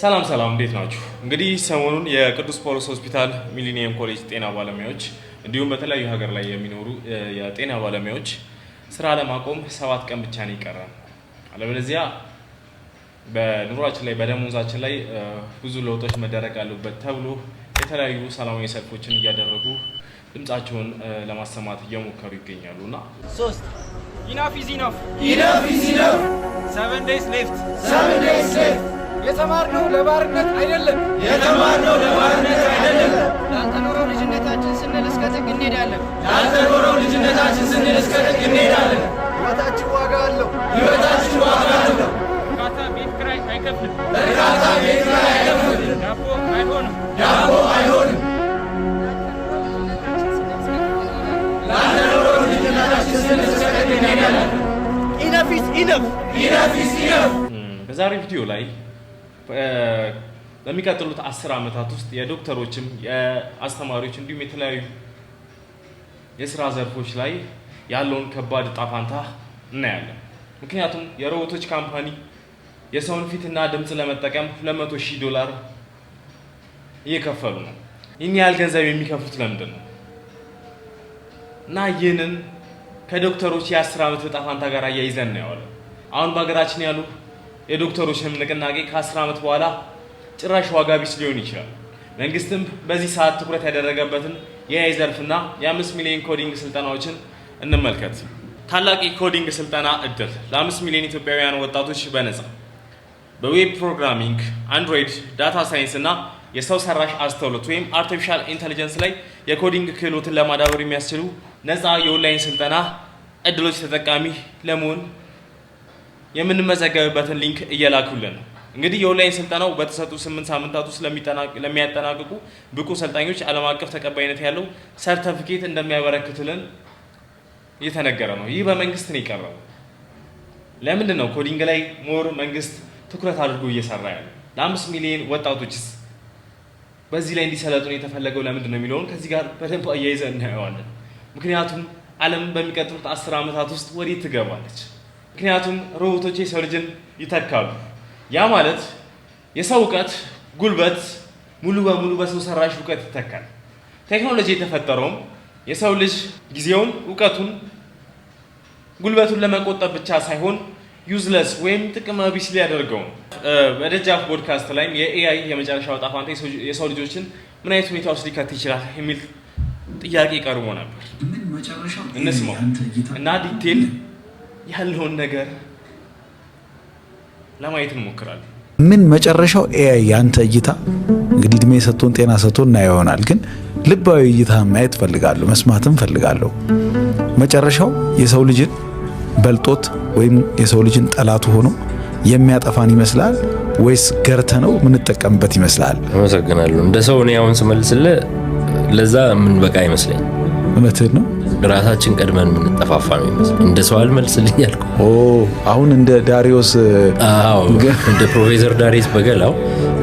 ሰላም ሰላም፣ እንዴት ናችሁ? እንግዲህ ሰሞኑን የቅዱስ ጳውሎስ ሆስፒታል ሚሊኒየም ኮሌጅ ጤና ባለሙያዎች እንዲሁም በተለያዩ ሀገር ላይ የሚኖሩ የጤና ባለሙያዎች ስራ ለማቆም ሰባት ቀን ብቻ ነው ይቀራል። አለበለዚያ በኑሯችን ላይ በደሞዛችን ላይ ብዙ ለውጦች መደረግ አሉበት ተብሎ የተለያዩ ሰላማዊ ሰልፎችን እያደረጉ ድምጻቸውን ለማሰማት እየሞከሩ ይገኛሉ እና ሶስት ኢናፍ ኢዝ ኢናፍ ኢናፍ ኢዝ ኢናፍ ሰቨን ዴይስ ሌፍት ሰቨን ዴይስ ሌፍት የተማርነው ለባርነት አይደለም። የተማርነው ለባርነት አይደለም። ላልተኖረው ልጅነታችን ስንል እስከ ጥግ እንሄዳለን። ላልተኖረው ልጅነታችን ስንል እስከ ጥግ እንሄዳለን። ሕይወታችን ዋጋ አለው። ሕይወታችን ዋጋ አለው። እርካታ ቤት ኪራይ አይከፍልም። እርካታ ቤት ኪራይ አይከፍልም። ዳቦ አይሆንም። ዳቦ አይሆንም። ላልተኖረው ኢነፍ ኢዝ ኢነፍ። ኢነፍ ኢነፍ። በዛሬ ቪዲዮ ላይ በሚቀጥሉት አስር ዓመታት ውስጥ የዶክተሮችም የአስተማሪዎች እንዲሁም የተለያዩ የስራ ዘርፎች ላይ ያለውን ከባድ እጣ እናያለን። ምክንያቱም የሮቦቶች ካምፓኒ የሰውን ፊትና ድምፅ ለመጠቀም 200 ሺህ ዶላር እየከፈሉ ነው። ይህን ያህል ገንዘብ የሚከፍሉት ለምንድን ነው? እና ይህንን ከዶክተሮች የአስር ዓመት እጣ ጋር እያይዘን እናየዋለን። አሁን በሀገራችን ያሉ የዶክተሮች ንቅናቄ ከአስር ዓመት በኋላ ጭራሽ ዋጋ ቢስ ሊሆን ይችላል። መንግስትም በዚህ ሰዓት ትኩረት ያደረገበትን የአይ ዘርፍና የአምስት ሚሊዮን ኮዲንግ ስልጠናዎችን እንመልከት። ታላቅ የኮዲንግ ስልጠና እድል ለአምስት ሚሊዮን ኢትዮጵያውያን ወጣቶች በነጻ በዌብ ፕሮግራሚንግ፣ አንድሮይድ፣ ዳታ ሳይንስ እና የሰው ሰራሽ አስተውሎት ወይም አርቲፊሻል ኢንቴሊጀንስ ላይ የኮዲንግ ክህሎትን ለማዳበር የሚያስችሉ ነፃ የኦንላይን ስልጠና እድሎች ተጠቃሚ ለመሆን የምንመዘገብበትን ሊንክ እየላኩልን ነው። እንግዲህ የኦንላይን ስልጠናው በተሰጡ ስምንት ሳምንታት ውስጥ ለሚያጠናቅቁ ብቁ ሰልጣኞች ዓለም አቀፍ ተቀባይነት ያለው ሰርተፊኬት እንደሚያበረክትልን እየተነገረ ነው። ይህ በመንግስት ነው የቀረበው። ለምንድን ነው ኮዲንግ ላይ ሞር መንግስት ትኩረት አድርጎ እየሰራ ያለ ለአምስት ሚሊዮን ወጣቶችስ በዚህ ላይ እንዲሰለጡን የተፈለገው ለምንድን ነው የሚለውን ከዚህ ጋር በደንብ አያይዘ እናየዋለን። ምክንያቱም ዓለም በሚቀጥሉት አስር ዓመታት ውስጥ ወዴት ትገባለች? ምክንያቱም ሮቦቶች የሰው ልጅን ይተካሉ። ያ ማለት የሰው እውቀት፣ ጉልበት ሙሉ በሙሉ በሰው ሰራሽ እውቀት ይተካል። ቴክኖሎጂ የተፈጠረውም የሰው ልጅ ጊዜውን፣ እውቀቱን፣ ጉልበቱን ለመቆጠብ ብቻ ሳይሆን ዩዝለስ ወይም ጥቅም ቢስ ሊያደርገው ነው። በደጃፍ ፖድካስት ላይም የኤአይ የመጨረሻ ዕጣ የሰው ልጆችን ምን አይነት ሁኔታ ውስጥ ሊከት ይችላል የሚል ጥያቄ ቀርቦ ነበር። እንስማው እና ዲቴል ያለውን ነገር ለማየት እንሞክራለን። ምን መጨረሻው ኤአይ ያንተ እይታ እንግዲህ እድሜ ሰጥቶን ጤና ሰጥቶን እና ይሆናል ግን ልባዊ እይታ ማየት ፈልጋለሁ፣ መስማትም ፈልጋለሁ። መጨረሻው የሰው ልጅን በልጦት ወይም የሰው ልጅን ጠላቱ ሆኖ የሚያጠፋን ይመስላል ወይስ ገርተ ነው የምንጠቀምበት ይመስላል? አመሰግናለሁ። እንደ ሰው እኔ አሁን ስመልስልህ ለዛ ምን በቃ ይመስለኝ። እውነትህን ነው። ራሳችን ቀድመን የምንጠፋፋ ነው ይመስል እንደ ሰው ያልኩ አሁን እንደ ዳሪዮስ እንደ ፕሮፌሰር ዳሪዮስ በገላው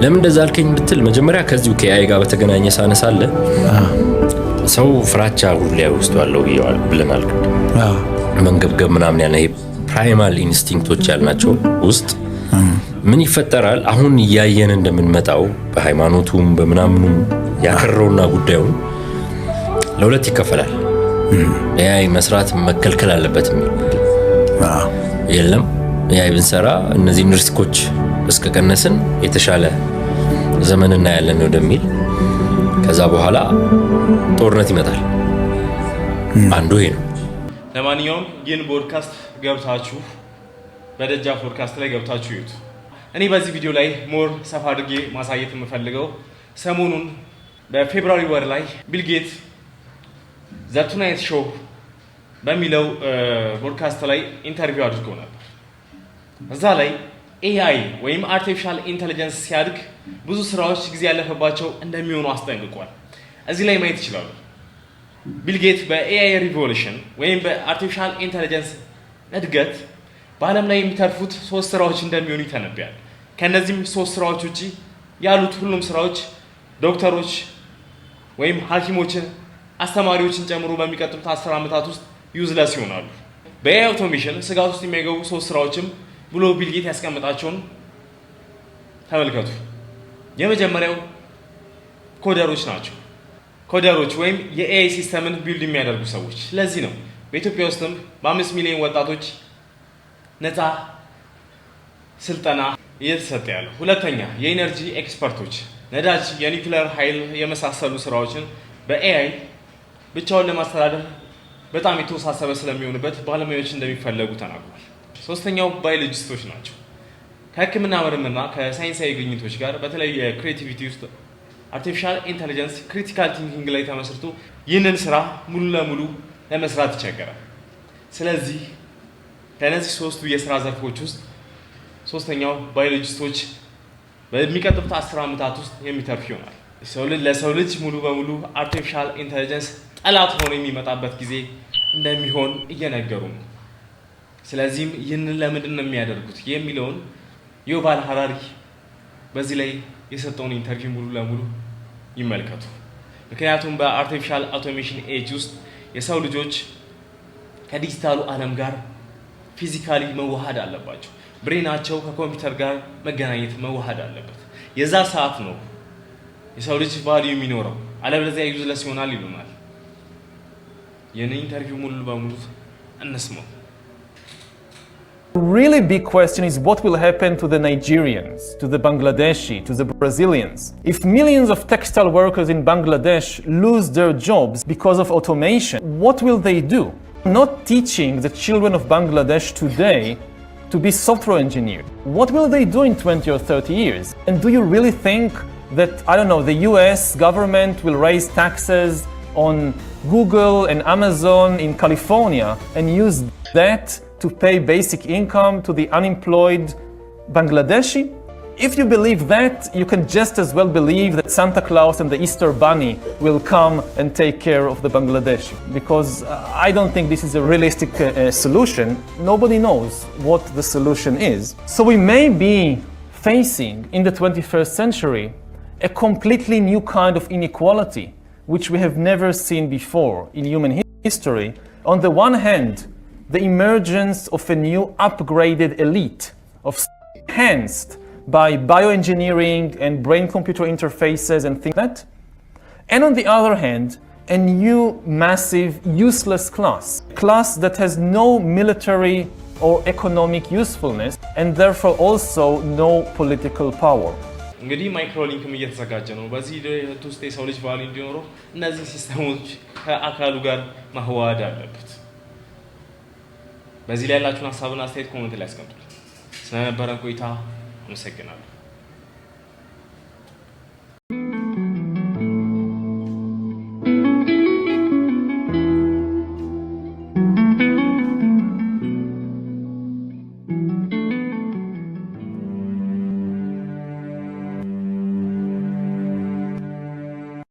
ለምን እንደዛ አልከኝ ብትል መጀመሪያ ከዚሁ ከአይ ጋር በተገናኘ ሳነሳለ ሰው ፍራቻ ሁሉ ላይ ውስጡ አለው ብለናል። መንገብገብ ምናምን ያለ ይሄ ፕራይማል ኢንስቲንክቶች ያልናቸው ውስጥ ምን ይፈጠራል? አሁን እያየን እንደምንመጣው በሃይማኖቱም በምናምኑም ያከረውና ጉዳዩን ለሁለት ይከፈላል። ኤአይ መስራት መከልከል አለበት የሚል የለም። ኤአይ ብንሰራ እነዚህን ሪስኮች እስከቀነስን የተሻለ ዘመን እናያለን ወደሚል ከዛ በኋላ ጦርነት ይመጣል። አንዱ ይሄ ነው። ለማንኛውም ይህን ቦድካስት ገብታችሁ በደጃ ፖድካስት ላይ ገብታችሁ ይዩት። እኔ በዚህ ቪዲዮ ላይ ሞር ሰፋ አድርጌ ማሳየት የምፈልገው ሰሞኑን በፌብራሪ ወር ላይ ቢልጌት ዘቱናይት ሾው በሚለው ቦድካስት ላይ ኢንተርቪው አድርጎ ነበር። እዛ ላይ ኤአይ ወይም አርቲፊሻል ኢንቴሊጀንስ ሲያድግ ብዙ ስራዎች ጊዜ ያለፈባቸው እንደሚሆኑ አስጠንቅቋል። እዚህ ላይ ማየት ይችላሉ። ቢልጌት በኤአይ ሪቮሉሽን ወይም በአርቲፊሻል ኢንቴሊጀንስ እድገት በዓለም ላይ የሚተርፉት ሶስት ስራዎች እንደሚሆኑ ይተነብያል። ከእነዚህም ሶስት ስራዎች ውጭ ያሉት ሁሉም ስራዎች ዶክተሮች ወይም ሐኪሞችን አስተማሪዎችን ጨምሮ በሚቀጥሉት አስር ዓመታት ውስጥ ዩዝለስ ይሆናሉ። በኤአይ አውቶሜሽን ስጋት ውስጥ የሚያገቡ ሶስት ስራዎችም ብሎ ቢልጌት ያስቀምጣቸውን ተመልከቱ። የመጀመሪያው ኮደሮች ናቸው። ኮደሮች ወይም የኤአይ ሲስተምን ቢልድ የሚያደርጉ ሰዎች። ለዚህ ነው በኢትዮጵያ ውስጥም በአምስት ሚሊዮን ወጣቶች ነፃ ስልጠና እየተሰጠ ያለው። ሁለተኛ የኢነርጂ ኤክስፐርቶች ነዳጅ፣ የኒውክሌር ኃይል የመሳሰሉ ስራዎችን በኤአይ ብቻውን ለማስተዳደር በጣም የተወሳሰበ ስለሚሆንበት ባለሙያዎች እንደሚፈለጉ ተናግሯል። ሶስተኛው ባዮሎጂስቶች ናቸው። ከህክምና ምርምርና ከሳይንሳዊ ግኝቶች ጋር በተለይ የክሬቲቪቲ ውስጥ አርቲፊሻል ኢንቴሊጀንስ ክሪቲካል ቲንኪንግ ላይ ተመስርቶ ይህንን ስራ ሙሉ ለሙሉ ለመስራት ይቸገራል። ስለዚህ ከእነዚህ ሶስቱ የስራ ዘርፎች ውስጥ ሶስተኛው ባዮሎጂስቶች በሚቀጥሉት አስር ዓመታት ውስጥ የሚተርፍ ይሆናል። ለሰው ልጅ ሙሉ በሙሉ አርቲፊሻል ኢንቴሊጀንስ ጠላት ሆኖ የሚመጣበት ጊዜ እንደሚሆን እየነገሩ ነው። ስለዚህም ይህንን ለምንድን ነው የሚያደርጉት የሚለውን ዩቫል ሀራሪ በዚህ ላይ የሰጠውን ኢንተርቪው ሙሉ ለሙሉ ይመልከቱ። ምክንያቱም በአርቲፊሻል አውቶሜሽን ኤጅ ውስጥ የሰው ልጆች ከዲጂታሉ ዓለም ጋር ፊዚካሊ መዋሃድ አለባቸው። ብሬናቸው ከኮምፒውተር ጋር መገናኘት መዋሃድ አለበት። የዛ ሰዓት ነው የሰው ልጅ ቫልዩ የሚኖረው፣ አለበለዚያ ዩዝለስ ይሆናል ይሉናል። የኔ ኢንተርቪው ሙሉ በሙሉ እንስማው። Really big question is what will happen to the Nigerians, to the Bangladeshi, to the Brazilians? If millions of textile workers in Bangladesh lose their jobs because of automation, what will they do? Not teaching the children of Bangladesh today to be software engineers. What will they do in 20 or 30 years? And do you really think that, I don't know, the US government will raise taxes on Google and Amazon in California and use that to pay basic income to the unemployed Bangladeshi? If you believe that, you can just as well believe that Santa Claus and the Easter Bunny will come and take care of the Bangladeshi. Because uh, I don't think this is a realistic uh, uh, solution. Nobody knows what the solution is. So we may be facing in the 21st century a completely new kind of inequality which we have never seen before in human history. On the one hand, the emergence of a new upgraded elite of enhanced by bioengineering and brain computer interfaces and things like that. And on the other hand, a new massive useless class, class that has no military or economic usefulness and therefore also no political power. እንግዲህ ማይክሮሊንክም እየተዘጋጀ ነው። በዚህ ሂደት ውስጥ የሰው ልጅ ባል እንዲኖረው እነዚህ ሲስተሞች ከአካሉ ጋር ማዋሃድ አለበት። በዚህ ላይ ያላችሁን ሀሳብና አስተያየት ኮመንት ላይ ያስቀምጡል። ስለነበረ ቆይታ አመሰግናለሁ።